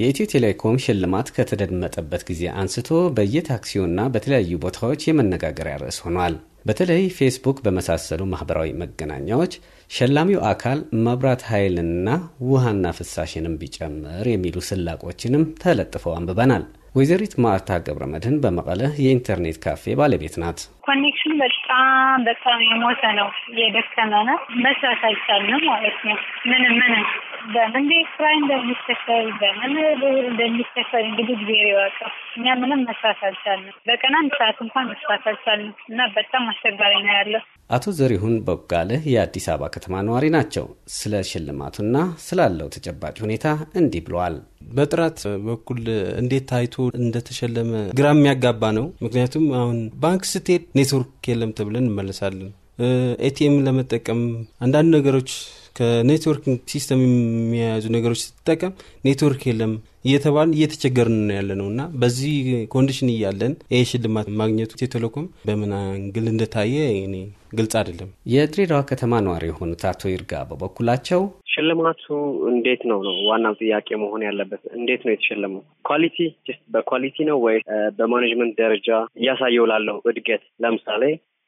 የኢትዮ ቴሌኮም ሽልማት ከተደመጠበት ጊዜ አንስቶ በየታክሲውና በተለያዩ ቦታዎች የመነጋገሪያ ርዕስ ሆኗል። በተለይ ፌስቡክ በመሳሰሉ ማህበራዊ መገናኛዎች ሸላሚው አካል መብራት ኃይልንና ውሃና ፍሳሽንም ቢጨምር የሚሉ ስላቆችንም ተለጥፈው አንብበናል። ወይዘሪት ማርታ ገብረ መድህን በመቀለ የኢንተርኔት ካፌ ባለቤት ናት። ኮኔክሽን በጣም በጣም የሞተ ነው፣ የደከመ ነው። መስራት አይቻልም ማለት ነው። ምንም ምንም በምን ቤት ኪራይ እንደሚከፈል በምን እንደሚከፈል እንግዲህ እግዚአብሔር ይወቀው። እኛ ምንም መስራት አልቻልንም። በቀን አንድ ሰዓት እንኳን መስራት አልቻልንም እና በጣም አስቸጋሪ ነው ያለው። አቶ ዘሪሁን በጋለህ የአዲስ አበባ ከተማ ነዋሪ ናቸው። ስለ ሽልማቱና ስላለው ተጨባጭ ሁኔታ እንዲህ ብለዋል። በጥራት በኩል እንዴት ታይቶ እንደተሸለመ ግራ የሚያጋባ ነው። ምክንያቱም አሁን ባንክ ስትሄድ ኔትወርክ የለም ተብለን እንመለሳለን። ኤቲኤም ለመጠቀም አንዳንድ ነገሮች ከኔትወርኪንግ ሲስተም የሚያያዙ ነገሮች ስትጠቀም ኔትወርክ የለም እየተባልን እየተቸገርን ነው ያለ ነው እና በዚህ ኮንዲሽን እያለን ይህ ሽልማት ማግኘቱ ኢትዮቴሌኮም በምን አንግል እንደታየ እኔ ግልጽ አይደለም። የድሬዳዋ ከተማ ነዋሪ የሆኑት አቶ ይርጋ በበኩላቸው ሽልማቱ እንዴት ነው ነው ዋናው ጥያቄ መሆን ያለበት። እንዴት ነው የተሸለመው? ኳሊቲ በኳሊቲ ነው ወይ በማኔጅመንት ደረጃ እያሳየው ላለው እድገት ለምሳሌ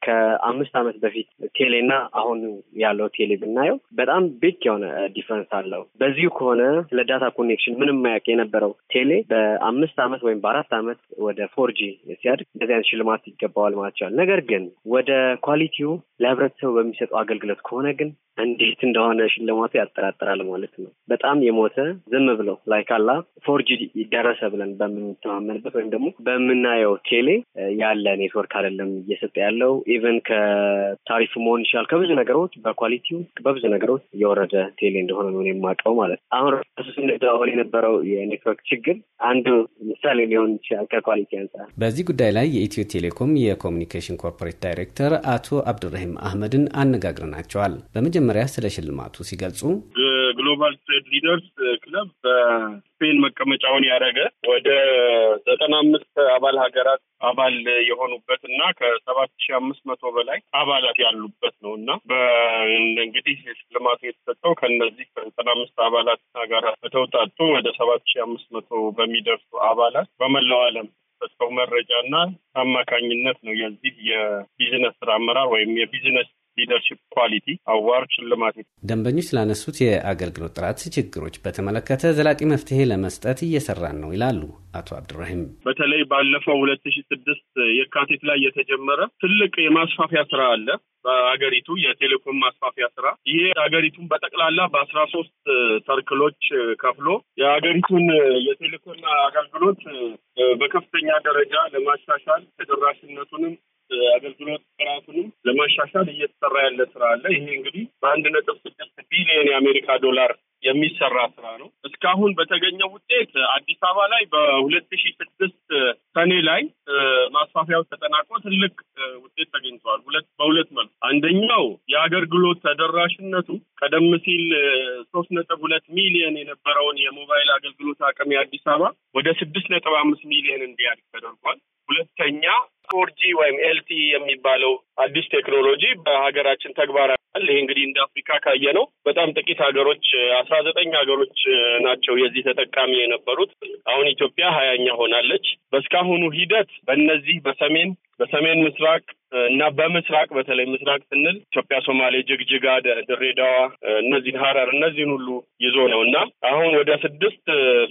ከአምስት ዓመት በፊት ቴሌና አሁን ያለው ቴሌ ብናየው በጣም ቢግ የሆነ ዲፈረንስ uh, አለው። በዚሁ ከሆነ ስለ ዳታ ኮኔክሽን ምንም ማያውቅ የነበረው ቴሌ በአምስት ዓመት ወይም በአራት ዓመት ወደ ፎርጂ ሲያድግ እንደዚህ አይነት ሽልማት ይገባዋል ማለት ይቻላል። ነገር ግን ወደ ኳሊቲው ለህብረተሰቡ በሚሰጠው አገልግሎት ከሆነ ግን እንዴት እንደሆነ ሽልማቱ ያጠራጥራል ማለት ነው። በጣም የሞተ ዝም ብለው ላይካላ ፎርጂ ደረሰ ብለን በምንተማመንበት ወይም ደግሞ በምናየው ቴሌ uh, ያለ ኔትወርክ አይደለም እየሰጠ ያለው ኢቨን ከታሪፍ መሆን ይችላል ከብዙ ነገሮች በኳሊቲው በብዙ ነገሮች የወረደ ቴሌ እንደሆነ ነው የማውቀው ማለት ነው። አሁን ስንደዋወል የነበረው የኔትወርክ ችግር አንዱ ምሳሌ ሊሆን ይችላል ከኳሊቲ አንጻር። በዚህ ጉዳይ ላይ የኢትዮ ቴሌኮም የኮሚኒኬሽን ኮርፖሬት ዳይሬክተር አቶ አብዱራሂም አህመድን አነጋግረናቸዋል። በመጀመሪያ ስለ ሽልማቱ ሲገልጹ ግሎባል ትሬድ ሊደርስ ክለብ በስፔን መቀመጫውን ያደረገ ወደ ዘጠና አምስት አባል ሀገራት አባል የሆኑበት እና ከሰባት ሺ አምስት መቶ በላይ አባላት ያሉበት ነው እና እንግዲህ ሽልማቱ የተሰጠው ከነዚህ ከዘጠና አምስት አባላት ሀገራት በተውጣጡ ወደ ሰባት ሺ አምስት መቶ በሚደርሱ አባላት በመላው ዓለም መረጃ እና አማካኝነት ነው የዚህ የቢዝነስ ስራ አመራር ወይም የቢዝነስ ሊደርሽፕ ኳሊቲ አዋር ሽልማት ደንበኞች ስላነሱት የአገልግሎት ጥራት ችግሮች በተመለከተ ዘላቂ መፍትሄ ለመስጠት እየሰራን ነው ይላሉ አቶ አብዱራሂም። በተለይ ባለፈው ሁለት ሺ ስድስት የካቲት ላይ የተጀመረ ትልቅ የማስፋፊያ ስራ አለ በሀገሪቱ የቴሌኮም ማስፋፊያ ስራ። ይሄ አገሪቱን በጠቅላላ በአስራ ሶስት ሰርክሎች ከፍሎ የአገሪቱን የቴሌኮም አገልግሎት በከፍተኛ ደረጃ ለማሻሻል ተደራሽነቱንም አገልግሎት ለማሻሻል እየተሰራ ያለ ስራ አለ። ይሄ እንግዲህ በአንድ ነጥብ ስድስት ቢሊዮን የአሜሪካ ዶላር የሚሰራ ስራ ነው። እስካሁን በተገኘው ውጤት አዲስ አበባ ላይ በሁለት ሺ ስድስት ሰኔ ላይ ማስፋፊያው ተጠናቆ ትልቅ ውጤት ተገኝተዋል። ሁለት በሁለት መልኩ አንደኛው የአገልግሎት ተደራሽነቱ ቀደም ሲል ሶስት ነጥብ ሁለት ሚሊየን የነበረውን የሞባይል አገልግሎት አቅም የአዲስ አበባ ወደ ስድስት ነጥብ አምስት ሚሊየን እንዲያድግ ተደርጓል። ሁለተኛ ፎርጂ ወይም ኤልቲ የሚባለው አዲስ ቴክኖሎጂ በሀገራችን ተግባራዊ ይህ እንግዲህ እንደ አፍሪካ ካየ ነው በጣም ጥቂት ሀገሮች አስራ ዘጠኝ ሀገሮች ናቸው የዚህ ተጠቃሚ የነበሩት። አሁን ኢትዮጵያ ሀያኛ ሆናለች። በእስካሁኑ ሂደት በእነዚህ በሰሜን በሰሜን ምስራቅ እና በምስራቅ በተለይ ምስራቅ ስንል ኢትዮጵያ፣ ሶማሌ፣ ጅግጅጋ፣ ድሬዳዋ፣ እነዚህን ሀረር እነዚህን ሁሉ ይዞ ነው እና አሁን ወደ ስድስት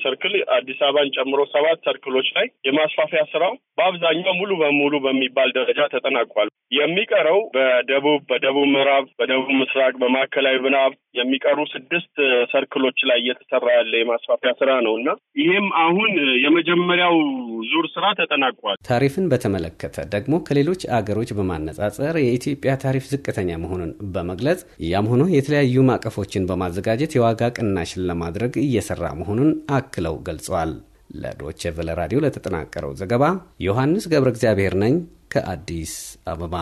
ሰርክል አዲስ አበባን ጨምሮ ሰባት ሰርክሎች ላይ የማስፋፊያ ስራው በአብዛኛው ሙሉ በሙሉ በሚባል ደረጃ ተጠናቋል። የሚቀረው በደቡብ በደቡብ ምዕራብ በደቡብ ምስራቅ በማዕከላዊ ምዕራብ የሚቀሩ ስድስት ሰርክሎች ላይ እየተሰራ ያለ የማስፋፊያ ስራ ነው እና ይህም አሁን የመጀመሪያው ዙር ስራ ተጠናቋል። ታሪፍን በተመለከተ ደግሞ ከሌሎች አገሮች በማነጻጸር የኢትዮጵያ ታሪፍ ዝቅተኛ መሆኑን በመግለጽ ያም ሆኖ የተለያዩ ማዕቀፎችን በማዘጋጀት የዋጋ ቅናሽን ለማድረግ እየሰራ መሆኑን አክለው ገልጸዋል። ለዶቼ ቨለ ራዲዮ ለተጠናቀረው ዘገባ ዮሐንስ ገብረ እግዚአብሔር ነኝ ከአዲስ አበባ